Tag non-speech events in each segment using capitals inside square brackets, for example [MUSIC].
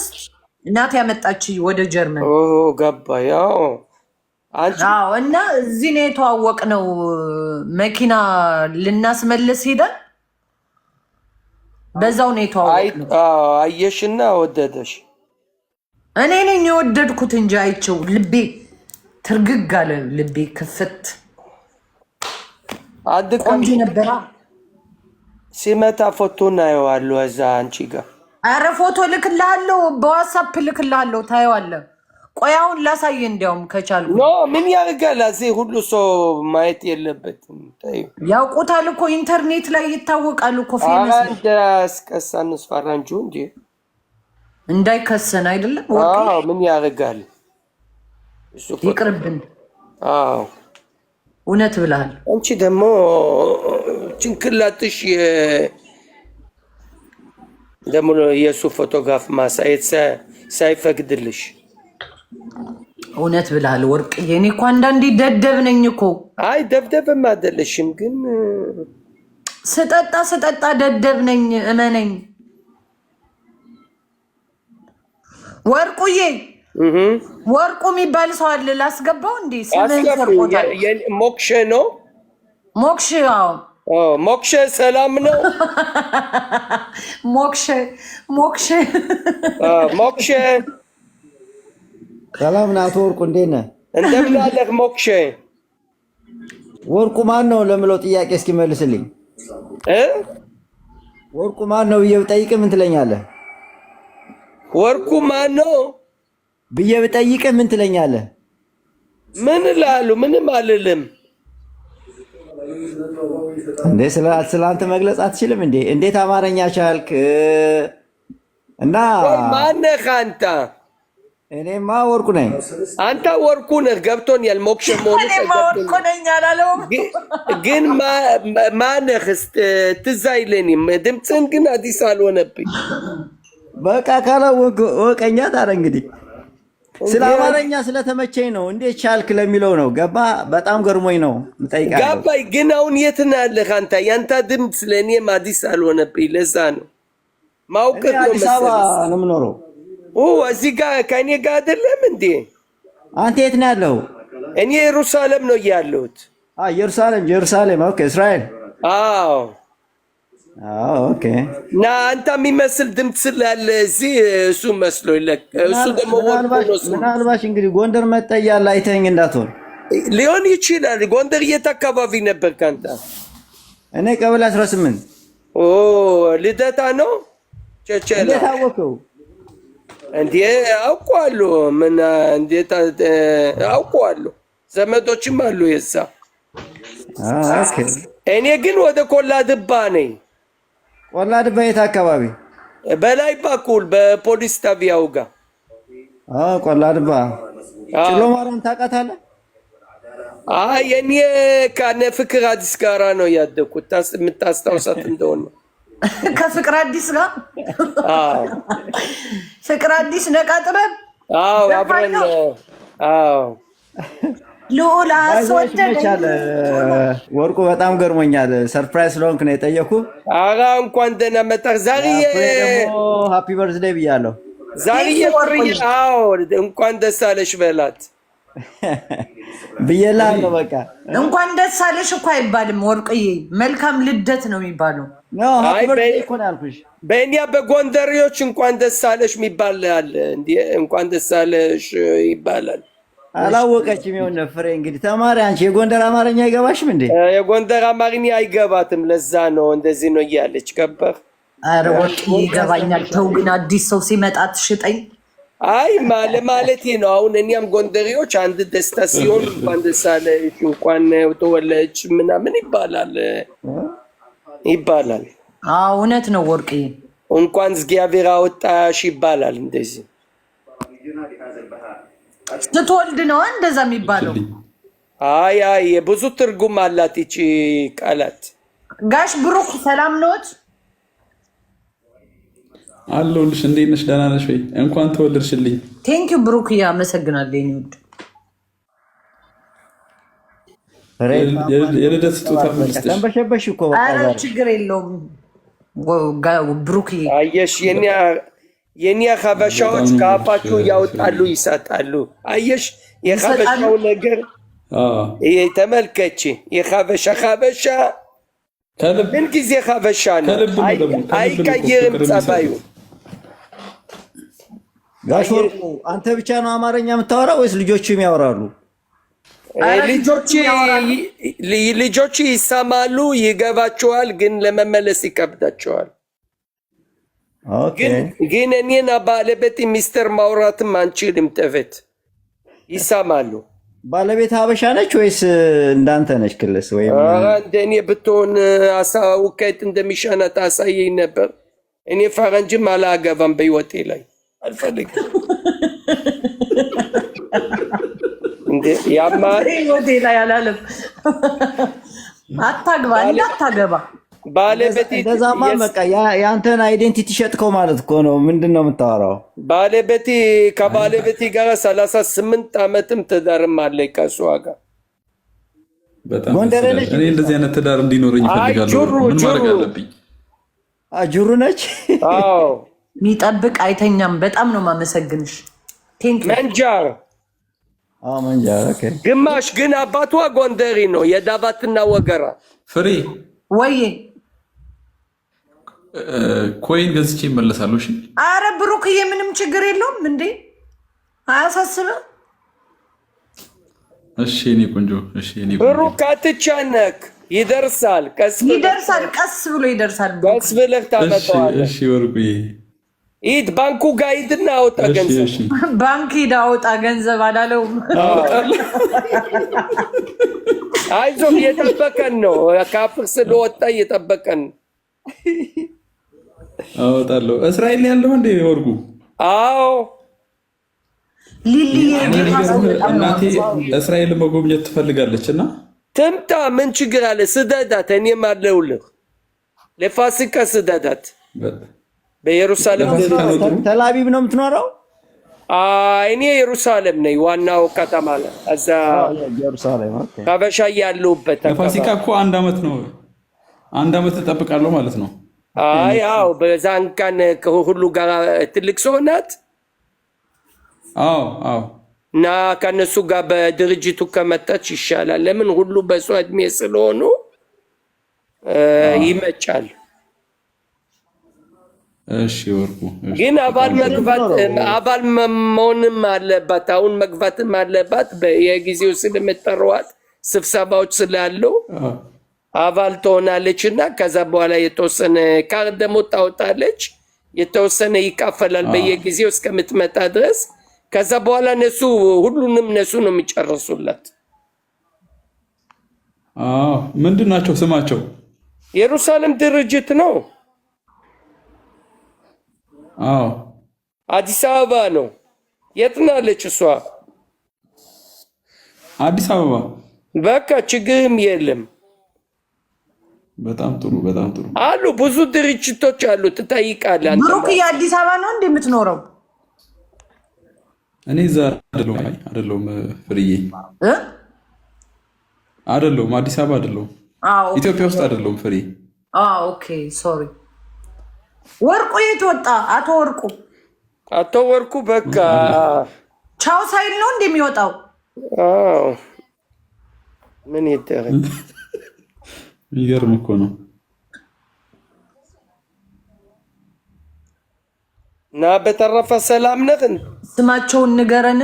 አመት እናት ያመጣች ወደ ጀርመን ገባ። ያው እና እዚህ ነው የተዋወቅነው። መኪና ልናስመልስ ሄደን በዛው ነው የተዋወቅነው። አየሽና ወደደሽ። እኔ ነኝ የወደድኩት እንጂ አይቼው ልቤ ትርግግ አለ። ልቤ ክፍት ቆንጆ ነበራ። ሲመታ ፎቶ እናየዋለሁ እዛ አንቺ ጋር አረ ፎቶ ልክልሃለሁ፣ በዋትሳፕ ልክልሃለሁ፣ ታየዋለህ። ቆያውን ላሳይ፣ እንዲያውም ከቻልኩ። ኖ ምን ያደርጋል፣ እዚህ ሁሉ ሰው ማየት የለበትም። ያውቁታል እኮ ኢንተርኔት ላይ ይታወቃል እኮ። እንዳያስቀሳንስ ፈራንጁ እንዲ እንዳይከሰን አይደለም። ምን ያደርጋል፣ ይቅርብን። እውነት ብለሃል። አንቺ ደግሞ ጭንቅላትሽ ደግሞ የእሱ ፎቶግራፍ ማሳየት ሳይፈቅድልሽ እውነት ብላል ወርቅዬ። የኔ እኮ አንዳንዴ ደደብ ነኝ እኮ። አይ ደብደብም አይደለሽም፣ ግን ስጠጣ ስጠጣ ደደብ ነኝ፣ እመነኝ ወርቁዬ። ወርቁ የሚባል ሰው አለ። ላስገባው እንዴ? ስምህን ነው ሞክሽ። አዎ ሞክሸ ሰላም ነው። ሞክሸ ሞክሸ ሞክሸ ሰላም ነው። አቶ ወርቁ እንዴት ነህ? እንደምን አለህ? ወርቁ ማን ነው ለምለው ጥያቄ እስኪመልስልኝ መልስልኝ? ወርቁ ማን ነው ብዬ ብጠይቅህ ምን ትለኛለህ? ወርቁ ማን ነው ብዬ ብጠይቅህ ምን ትለኛለህ? ምን እልሃለሁ? ምንም አልልም። እንዴ ስለ አንተ መግለጽ አትችልም እንዴ? እንዴት አማርኛ ቻልክ? እና ማነህ አንተ? እኔማ ወርቁ ነኝ። አንተ ወርቁ ነህ፣ ገብቶኛል። ሞክሽ ግን ማነህ? ትዝ አይለኝም። ድምፅህን ግን አዲስ አልሆነብኝ። በቃ ካለ ወቀኛ ታረ እንግዲህ ስለ አማርኛ ስለተመቸኝ ነው። እንዴት ቻልክ ለሚለው ነው። ገባ በጣም ገርሞኝ ነው ጠይቃ። ገባኝ። ግን አሁን የት ነው ያለህ አንተ? ያንተ ድምፅ ለእኔም አዲስ አልሆነብኝ። ለዛ ነው ማውቀት ነው። አዲስ አበባ ነው የምኖረው። እዚህ ጋር ከእኔ ጋ አይደለም እንዴ? አንተ የት ነው ያለው? እኔ ኢየሩሳሌም ነው እያለሁት። ኢየሩሳሌም፣ ኢየሩሳሌም። ኦኬ፣ እስራኤል። አዎ እና አንተ የሚመስል ድምፅ ስላለ እዚህ እሱ መስሎ ይለቅ እሱ ደግሞ ምናልባሽ እንግዲህ ጎንደር መጣ እያለ አይተኸኝ እንዳትሆን ሊሆን ይችላል። ጎንደር የት አካባቢ ነበር ከአንተ? እኔ ቀበሌ 18 ልደታ ነው። ቸቸላ እንዴት አወቀው? እንዴ አውቀዋለሁ። ምን እንዴት አውቀዋለሁ? ዘመዶችም አሉ የዛ። እኔ ግን ወደ ኮላ ድባ ነኝ። ወላድ በየት አካባቢ? በላይ በኩል በፖሊስ ጣቢያው ጋር አዎ ቆላድባ ጭሎ ማርያም ታውቃታለህ? የኔ ከነ ፍቅር አዲስ ጋራ ነው ያደግኩት። የምታስታውሳት እንደሆነ [LAUGHS] ከፍቅር አዲስ ጋር አዎ ፍቅር አዲስ ነቃ አዎ አብረን አዎ ልዑል አስወደደኝ። ወርቁ በጣም ገርሞኛል። ሰርፕራይዝ ስለሆንክ ነው የጠየኩህ። ኧረ እንኳን ደህና መጣህ። ዛርዬ ሃፒ ብያለሁ። እንኳን ደስ አለሽ በላት በቃ እንኳን ደስ አለሽ እኮ አይባልም ወርቅዬ፣ መልካም ልደት ነው የሚባለው። በእኛ በጎንደሬዎች እንኳን ደስ አለሽ የሚባል አለ። እንኳን ደስ አለሽ ይባላል አላወቀችም። የሆነ ፍሬ እንግዲህ ተማሪ አንቺ የጎንደር አማርኛ አይገባሽም እንዴ? የጎንደር አማርኛ አይገባትም። ለዛ ነው እንደዚህ ነው እያለች ገባህ? ኧረ ወርቅ ይገባኛል። ተው ግን አዲስ ሰው ሲመጣ ትሽጠኝ። አይ ማለ ማለቴ ነው። አሁን እኒያም ጎንደሬዎች አንድ ደስታ ሲሆን እንኳን ደስ አለሽ እንኳን ተወለች ምናምን ይባላል ይባላል። እውነት ነው ወርቅ እንኳን እግዚአብሔር አወጣሽ ይባላል እንደዚህ ስትወልድ ነው እንደዛ የሚባለው። አይ አይ ብዙ ትርጉም አላት ይቺ ቃላት። ጋሽ ብሩክ ሰላም ኖት? አለሁልሽ። እንዴት ነሽ? ደህና ነሽ ወይ? እንኳን ተወለድሽልኝ። ቴንኪ ብሩክ፣ እያመሰግናለሁ። ኒውድ የልደት ስጦታ ተንበሸበሽ እኮ ችግር የለውም ብሩክ። አየሽ የኔ የእኛ ሀበሻዎች ከአፋቸው ያወጣሉ ይሰጣሉ። አየሽ የሀበሻው ነገር ተመልከች። የሀበሻ ሀበሻ ምን ጊዜ ሀበሻ ነው፣ አይቀይርም ጸባዩ። ጋሽ ወርቁ አንተ ብቻ ነው አማርኛ የምታወራ ወይስ ልጆችም ያወራሉ? ልጆች ይሰማሉ፣ ይገባቸዋል፣ ግን ለመመለስ ይከብዳቸዋል። ግን እኔና ባለቤት ሚስጥር ማውራትም አንችልም። ጠፈት ይሰማሉ። ባለቤት ሀበሻ ነች ወይስ እንዳንተ ነች? ክልስ ወይም እንደ እኔ ብትሆን አሳውቀት እንደሚሻናት አሳየኝ ነበር። እኔ ፈረንጅም አላገባም በሕይወቴ ላይ አልፈልግም። ያማ ሕይወቴ ላይ አላለም። አታግባ እንዳታገባ ባለቤቴ እንደዛማ በቃ የአንተን አይዴንቲቲ ሸጥከው ማለት እኮ ነው። ምንድን ነው የምታወራው? ባለቤቴ ከባለቤቴ ጋር ሰላሳ ስምንት ዓመትም ትዳርም አለ ከእሷ ጋር በጣም እኔ እንደዚህ አይነት ትዳር እንዲኖረኝ እፈልጋለሁ። ምን ማድረግ አለብኝ? ጅሩ ነች ሚጠብቅ አይተኛም። በጣም ነው ማመሰግንሽ። መንጃር ግማሽ ግን አባቷ ጎንደሪ ነው የዳባትና ወገራ ፍሬ ወይ ኮይን ገዝቼ ይመለሳሉ። እሺ። አረ ብሩክዬ፣ ምንም ችግር የለውም እንዴ፣ አያሳስብም። እሺ፣ እኔ ቆንጆ። እሺ፣ እኔ ቆንጆ። ብሩክ አትጨነቅ፣ ይደርሳል። ቀስ ይደርሳል፣ ቀስ ብሎ ይደርሳል። ቀስ ብለህ ታመጣዋለህ። እሺ፣ ወርቁዬ ኢድ ባንኩ ጋር ሂድና አውጣ ገንዘብ። ባንክ ሂድ አውጣ ገንዘብ አላለውም። አይዞም እየጠበቀን ነው። ካፍር ስለወጣ እየጠበቀን አወጣለሁ። እስራኤል ያለው እንደ ወርጉ አዎ፣ እናቴ እስራኤል መጎብኘት ትፈልጋለች እና ትምጣ። ምን ችግር አለ? ስደዳት፣ እኔም አለሁልህ። ለፋሲካ ስደዳት። በኢየሩሳሌም ተላቢብ ነው የምትኖረው? እኔ ኢየሩሳሌም ነኝ፣ ዋናው ከተማ እዛ ሀበሻ ያለሁበት። ለፋሲካ እኮ አንድ አመት ነው። አንድ አመት ትጠብቃለሁ ማለት ነው አያው በዛን ቀን ከሁሉ ጋር ትልቅ ሰው ናት። አዎ አዎ። እና ከነሱ ጋር በድርጅቱ ከመጣች ይሻላል። ለምን ሁሉ በእሷ እድሜ ስለሆኑ ይመጫል። እሺ ወርቁ ግን አባል መግባት አባል መሆንም አለባት። አሁን መግባትም አለባት። የጊዜው ስለምጠረዋት ስብሰባዎች ስላለው። አባል ትሆናለች እና ከዛ በኋላ የተወሰነ ካርድ ደግሞ ታወጣለች። የተወሰነ ይካፈላል በየጊዜው እስከምትመጣ ድረስ። ከዛ በኋላ እነሱ ሁሉንም እነሱ ነው የሚጨርሱላት። ምንድን ናቸው ስማቸው? ኢየሩሳሌም ድርጅት ነው። አዲስ አበባ ነው። የት ናለች እሷ? አዲስ አበባ። በቃ ችግርም የለም። በጣም ጥሩ በጣም ጥሩ አሉ። ብዙ ድርጅቶች አሉ፣ ትጠይቃለህ። ብሩክ የአዲስ አበባ ነው እንደ የምትኖረው? እኔ እዛ አይደለሁም አይደለሁም፣ ፍርዬ አይደለሁም፣ አዲስ አበባ አይደለሁም፣ ኢትዮጵያ ውስጥ አይደለሁም። ፍሬ ኦኬ፣ ሶሪ። ወርቁ የት ወጣ? አቶ ወርቁ አቶ ወርቁ በቃ ቻው ሳይል ነው እንደሚወጣው ምን ይደረግ [LAUGHS] የሚገርም እኮ ነው። እና በተረፈ ሰላም ነህ? ስማቸውን ንገረን።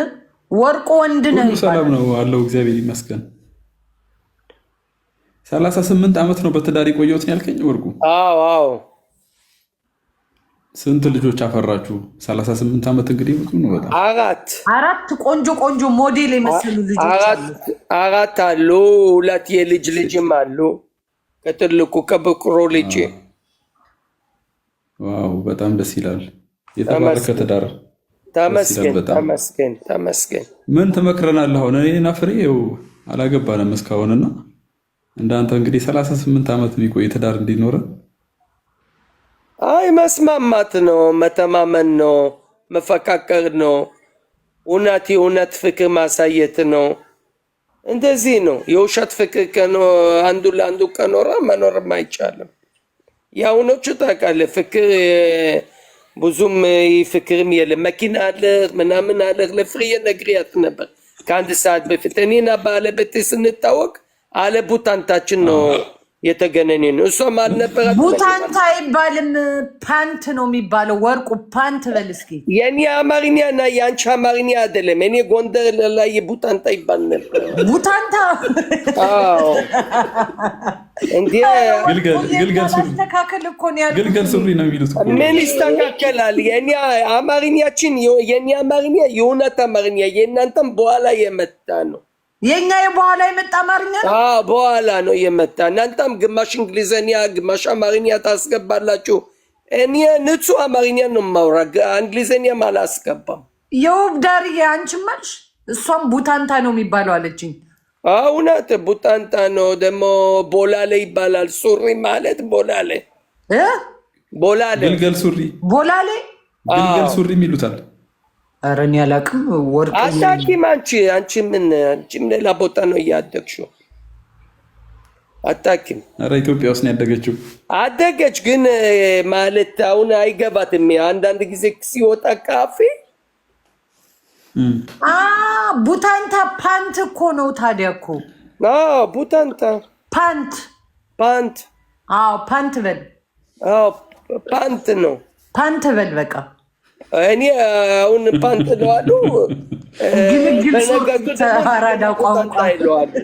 ወርቆ ወንድ ነህ? ሰላም ነው አለው። እግዚአብሔር ይመስገን። ሰላሳ ስምንት ዓመት ነው በትዳር የቆየሁት ያልከኝ ወርቁ? አዎ አዎ። ስንት ልጆች አፈራችሁ? ሰላሳ ስምንት ዓመት እንግዲህ ብዙ ነው በጣም። አራት አራት ቆንጆ ቆንጆ ሞዴል የመሰሉ ልጆች አራት አሉ። ሁለት የልጅ ልጅም አሉ። ከትልቁ ከበኩሮ ልጅ። ዋው በጣም ደስ ይላል። የተባረከ ትዳር ተመስገን ተመስገን ምን ትመክረናለህ? አሁን እኔና ፍሬ ይኸው አላገባንም እስካሁንና እንዳንተ እንግዲህ ሰላሳ ስምንት ዓመት የሚቆይ ትዳር እንዲኖረ አይ መስማማት ነው፣ መተማመን ነው፣ መፈቃቀር ነው፣ እውነት የእውነት ፍቅር ማሳየት ነው። እንደዚህ ነው የውሸት ፍቅር አንዱ ለአንዱ ከኖረ መኖርም አይቻልም። የአሁኖቹ ታውቃለህ ፍቅር ብዙም ፍቅርም የለም። መኪና አለህ ምናምን አለህ። ለፍርዬ ነግሪያት ነበር ከአንድ ሰዓት በፊት እኔና ባለቤቴ ስንታወቅ አለ ቡታንታችን ነው የተገነኔ ነው። እሷም አልነበረም። ቡታንታ አይባልም ፓንት ነው የሚባለው። ወርቁ ፓንት በል እስኪ። የኔ አማርኛ እና የአንቺ አማርኛ አይደለም። እኔ ጎንደር ላይ ቡታንታ ይባል ነበር። ቡታንታ ምን ይስተካከላል? የኔ አማርኛችን የኔ አማርኛ የእውነት አማርኛ የእናንተም በኋላ የመጣ ነው። የኛ የበኋላ የመጣ አማርኛ ነው። በኋላ ነው የመጣ። እናንተም ግማሽ እንግሊዘኛ ግማሽ አማርኛ ታስገባላችሁ። እኔ ንጹህ አማርኛ ነው የማውራ፣ እንግሊዘኛም አላስገባም። የውብ ዳር የአንቺ አልሽ፣ እሷም ቡታንታ ነው የሚባለው አለችኝ። እውነት ቡታንታ ነው። ደግሞ ቦላሌ ይባላል። ሱሪ ማለት ቦላሌ፣ ቦላሌ፣ ግልገል ሱሪ፣ ቦላሌ፣ ግልገል ሱሪ ይሉታል። ኧረ እኔ አላውቅም። ወርቅ አታውቂም አንቺ አንቺ ምን አንቺም ሌላ ቦታ ነው እያደግሽው አታውቂም። ኧረ ኢትዮጵያ ውስጥ ነው ያደገችው። አደገች ግን ማለት አሁን አይገባትም። አንዳንድ ጊዜ ሲወጣ ካፌ ቡታንታ ፓንት እኮ ነው። ታዲያ እኮ ቡታንታ ፓንት ፓንት ፓንት በል ፓንት ነው ፓንት በል በቃ እኔ አሁን ፓንት ለዋሉ አራዳ ቋንቋ ይለዋል። [LAUGHS]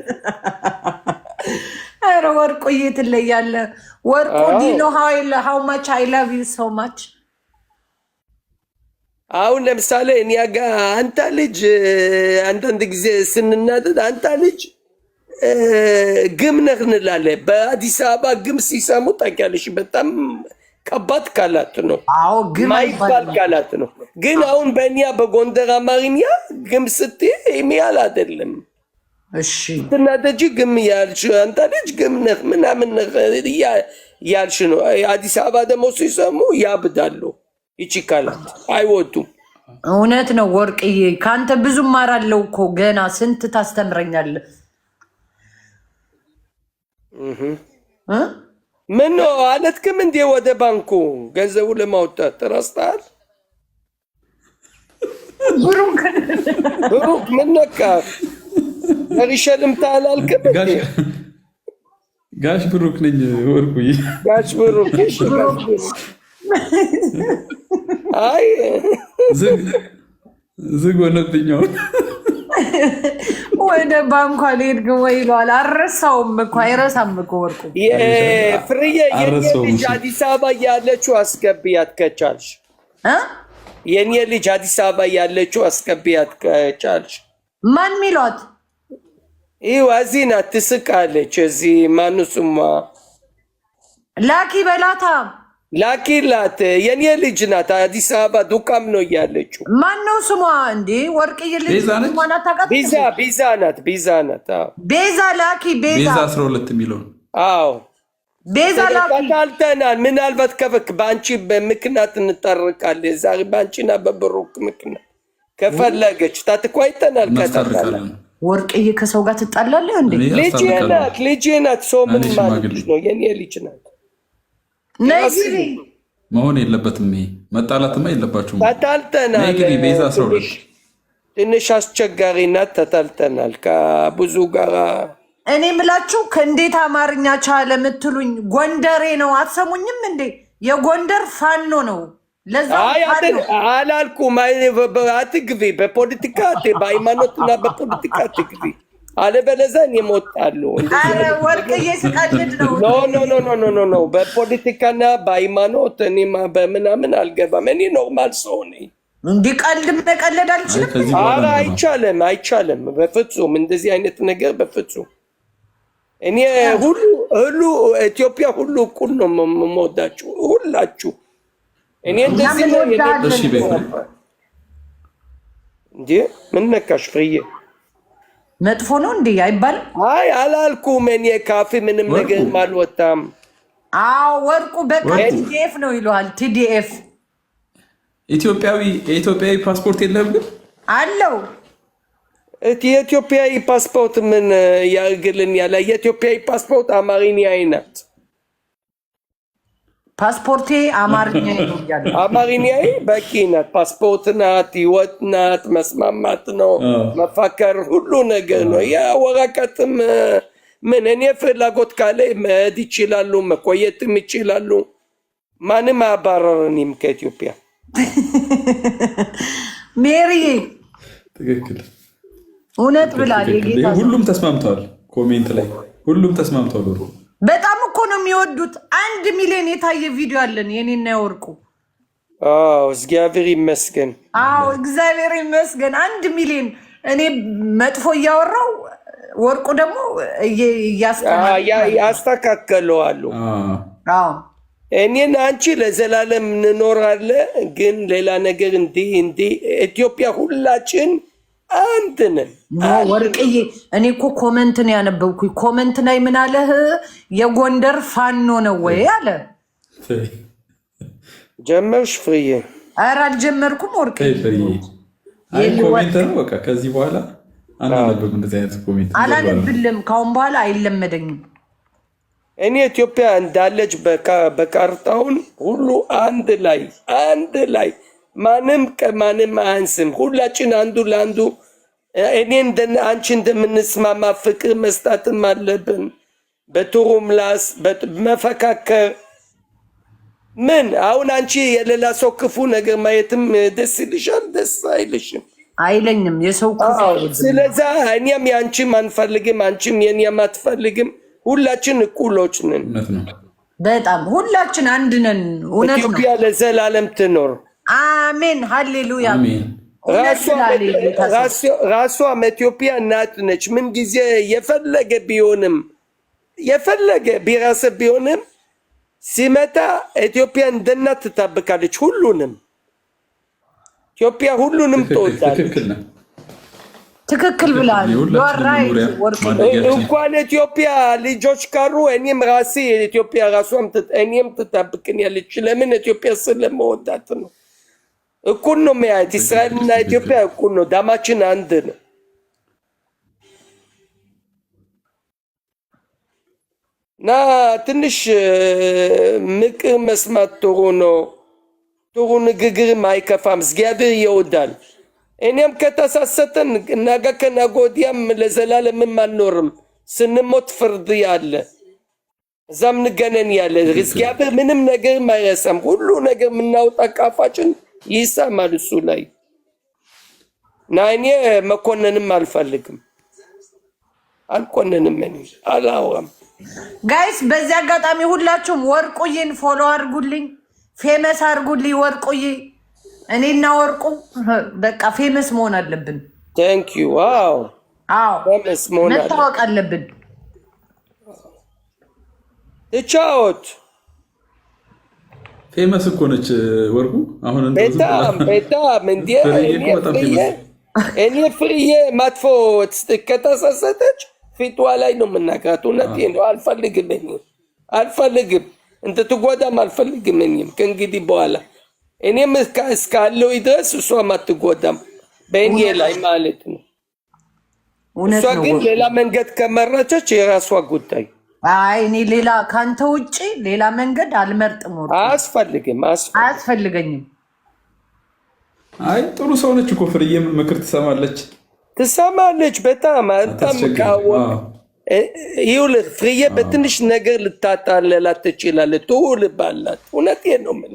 ኧረ ወርቁዬ ትለያለህ። ወርቁ ዲኖ ሀው ማች አይ ላቭ ዩ ሶ ማች። አሁን ለምሳሌ እኔ ጋ አንታ ልጅ አንዳንድ ጊዜ ስንናደድ አንታ ልጅ ግም ነህ እንላለን። በአዲስ አበባ ግም ሲሰሙ ታውቂያለሽ በጣም ከባድ ቃላት ነው። አዎ ግን ማይባል ቃላት ነው። ግን አሁን በእኛ በጎንደር አማርኛ ግም ስትይ የሚያል አይደለም። እሺ ግም ያልሽ አንተ ልጅ ግም ነህ ምናምን ያልሽ ነው። አዲስ አበባ ደግሞ ሲሰሙ ያብዳሉ። ይቺ ቃላት አይወዱም። እውነት ነው ወርቅዬ፣ ከአንተ ብዙ ማራለው እኮ ገና ስንት ታስተምረኛለህ። ምን ነው አለትክም እንዴ? ወደ ባንኩ ገንዘቡ ለማውጣት ተረስተሃል። ብሩክ ብሩክ ምን ነካ? ገሪሸ ልምታ ጋሽ ብሩክ ነኝ ወርቁዬ። ጋሽ ብሩክ እሺ። አይ ዝግ ዝግ ሆነብኛው። ወደ ባንኳ ሊሄድ ወይ ይለዋል። አረሳውም እኮ አይረሳም እኮ ወርቁ ፍርዬ። የኔ ልጅ አዲስ አበባ ያለችው አስገቢ ከቻልሽ። የኔ ልጅ አዲስ አበባ ያለችው አስገቢ ከቻልሽ። ማን ሚሏት? ይህ እዚህ ናት፣ ትስቃለች። እዚህ ማኑ ስሟ ላኪ በላታ ላኪላት የኔ ልጅ ናት። አዲስ አበባ ዱካም ነው እያለችው። ማን ነው ስሟ? እንዲ ወርቅ ልጅ ቢዛ ቢዛ ናት። ቢዛ ናት። ቤዛ ላኪ ቤዛ አስራ ሁለት የሚለው አዎ፣ ቤዛ ላኪ ምናልባት ከፈክ በአንቺ ምክንያት እንጠርቃል። ዛ በአንቺና በብሩክ ምክንያት ከፈለገች ታትኳይተናል። ከተጣላ ወርቅዬ ከሰው ጋር ትጣላለ እንዴ? ልጅ ናት። ልጅ ናት። ሰው ምን ማለች ነው? የኔ ልጅ ናት። መሆን የለበትም። ይሄ መጣላትማ የለባችሁም። ተጣልተናል። ትንሽ አስቸጋሪ ናት። ተጣልተናል ከብዙ ጋራ እኔ ምላችሁ ከእንዴት አማርኛ ቻለ ምትሉኝ ጎንደሬ ነው። አትሰሙኝም እንዴ? የጎንደር ፋኖ ነው። ለዛ አላልኩም። አትግቢ በፖለቲካ በሃይማኖትና በፖለቲካ አትግቢ። አለበለዚያን እኔም ነው። ኖ በፖለቲካና በሃይማኖት እኔ በምናምን አልገባም። እኔ ኖርማል ሰው ነኝ። እንዲቀልድም መቀለድ አልችልም። ኧረ አይቻልም፣ አይቻልም። በፍጹም እንደዚህ አይነት ነገር በፍጹም እኔ ሁሉ ሁሉ ኢትዮጵያ ሁሉ እኩል ነው የምወዳችሁ ሁላችሁ። እኔ እንደዚህ ነው። ምን ነካሽ ፍርዬ? መጥፎ ነው እንዴ አይባልም። አይ አላልኩም። እኔ ካፊ ምንም ነገር አልወጣም። አዎ ወርቁ በቃ ቲዲኤፍ ነው ይለዋል። ቲዲኤፍ ኢትዮጵያዊ የኢትዮጵያዊ ፓስፖርት የለም ግን አለው። የኢትዮጵያዊ ፓስፖርት ምን ያርግልን? ያለ የኢትዮጵያዊ ፓስፖርት አማሪኒ አይነት ፓስፖርቴ አማርኛ አማርኛ በቂ ናት። ፓስፖርት ናት፣ ህይወት ናት፣ መስማማት ነው፣ መፋከር ሁሉ ነገር ነው። ያ ወረቀትም ምን እኔ ፍላጎት ካለ መሄድ ይችላሉ፣ መቆየትም ይችላሉ። ማንም አባረረንም ከኢትዮጵያ ሜሪ ትክክል እውነት ብላል። ሁሉም ተስማምተዋል። ኮሜንት ላይ ሁሉም ተስማምተዋል። በጣም ነው የሚወዱት። አንድ ሚሊዮን የታየ ቪዲዮ አለን የኔና የወርቁ። እግዚአብሔር ይመስገን። አዎ እግዚአብሔር ይመስገን። አንድ ሚሊዮን እኔ መጥፎ እያወራው ወርቁ ደግሞ ያስተካከለዋሉ። እኔን አንቺ ለዘላለም እንኖራለን፣ ግን ሌላ ነገር እንዲህ እንዲህ ኢትዮጵያ ሁላችን አንተን ወርቅዬ፣ እኔ እኮ ኮመንት ነው ያነበብኩ። ኮመንት ላይ ምን አለህ? የጎንደር ፋኖ ነው ወይ አለ። ጀመርሽ ፍርዬ? ኧረ አልጀመርኩም ወርቅዬ። ነው ከዚህ በኋላ አናነብም እንደዚህ አይነት ኮሜንት አላነብልም። ካሁን በኋላ አይለመደኝም። እኔ ኢትዮጵያ እንዳለች በቃ በካርታውን ሁሉ አንድ ላይ አንድ ላይ ማንም ከማንም አያንስም። ሁላችን አንዱ ለአንዱ እኔ አንቺ እንደምንስማማ ፍቅር መስጣትም አለብን። ምላስ መፈካከር ምን አሁን አንቺ የሌላ ሰው ክፉ ነገር ማየትም ደስ ይልሻል? ደስ አይልሽም? አይለኝም። የሰው ስለዛ እኛም የአንቺም አንፈልግም፣ አንቺም የእኛም አትፈልግም። ሁላችን እኩሎች ነን። በጣም ሁላችን አንድ ነን። እውነት ነው። ኢትዮጵያ ለዘላለም ትኖር። አሜን ሀሌሉያ። ራሷም ኢትዮጵያ እናት ነች። ምን ጊዜ የፈለገ ቢሆንም የፈለገ ቢራሰብ ቢሆንም ሲመታ ኢትዮጵያ እንደ እናት ትጠብቃለች። ሁሉንም ኢትዮጵያ ሁሉንም ትወዳለች። ትክክል ብላል። እንኳን ኢትዮጵያ ልጆች ካሩ እኔም ራሴ ኢትዮጵያ ራሷም እኔም ያለች ለምን ኢትዮጵያ ስለመወዳት ነው። እኩል ነው የሚያየት። እስራኤልና ኢትዮጵያ እኩል ነው። ዳማችን አንድ ነው። እና ትንሽ ምክር መስማት ጥሩ ነው። ጥሩ ንግግርም አይከፋም። እግዚአብሔር ይወዳል። እኔም ከተሳሰተን ነገ ከነገ ወዲያም ለዘላለምም አንኖርም። ስንሞት ፍርድ ያለ እዛም ንገነን ያለ እግዚአብሔር ምንም ነገር አይረሳም። ሁሉ ነገር የምናወጣ ካፋችን ይሰማል እሱ ላይ እና እኔ መኮንንም አልፈልግም አልኮንንም እኔ አላወራም። ጋይስ በዚህ አጋጣሚ ሁላችሁም ወርቁዬን ፎሎ አድርጉልኝ፣ ፌመስ አድርጉልኝ። ወርቁዬ እኔና ወርቁ በቃ ፌመስ መሆን አለብን። ታንክ ዩ ዋው፣ አዎ መታወቅ አለብን። እቻዎት ፌመስ እኮ ነች ወርቁ። አሁን በጣም [LAUGHS] እኔ ፍርዬ መጥፎ ከተሳሰተች ፊቷ ላይ ነው የምናገራት። እውነቴን ነው። አልፈልግም አልፈልግም እንድትጎዳም አልፈልግም። እኔም ከእንግዲህ በኋላ እኔም እስካለው ድረስ እሷም አትጎዳም በእኔ ላይ ማለት ነው። እሷ ግን ሌላ መንገድ ከመረጨች የራሷ ጉዳይ አይ እኔ ሌላ ከአንተ ውጭ ሌላ መንገድ አልመርጥም። አያስፈልግም አያስፈልገኝም። አይ ጥሩ ሰው ነች እኮ ፍርዬ፣ ምክር ትሰማለች ትሰማለች። በጣም በጣም ቃወቅ ይኸውልህ ፍርዬ፣ በትንሽ ነገር ልታጣለላት ትችላለህ። ትውልባላት እውነት ነው። ምን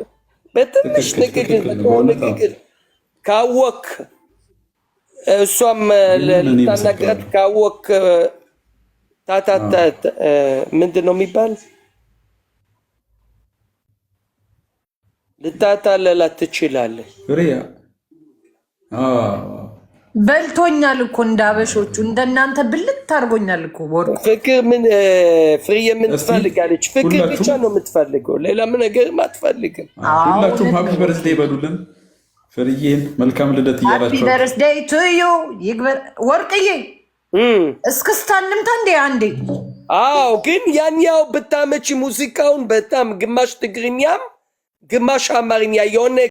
በትንሽ ንግግር ንግግር ካወክ እሷም ልታናግራት ካወክ ታታታ ምንድን ነው የሚባል ልታታለላት ትችላለህ። በልቶኛል እኮ እንዳበሾቹ እንደናንተ ብልት አድርጎኛል እኮ ወርቁ። ፍቅር ምን ፍሬዬ ምን ትፈልጋለች? ፍቅር ብቻ ነው የምትፈልገው፣ ሌላ ምን ነገርም አትፈልግም። ሁላችሁም ሀፒ በርዝዴ ይበሉልን። ፍሬዬን መልካም ልደት እያላቸው ወርቅዬ እስክስታ እንምታ እንዴ አንዴ። አዎ፣ ግን ያን ያው ብታመቺ ሙዚቃውን በጣም ግማሽ ትግርኛም ግማሽ አማርኛ የሆነ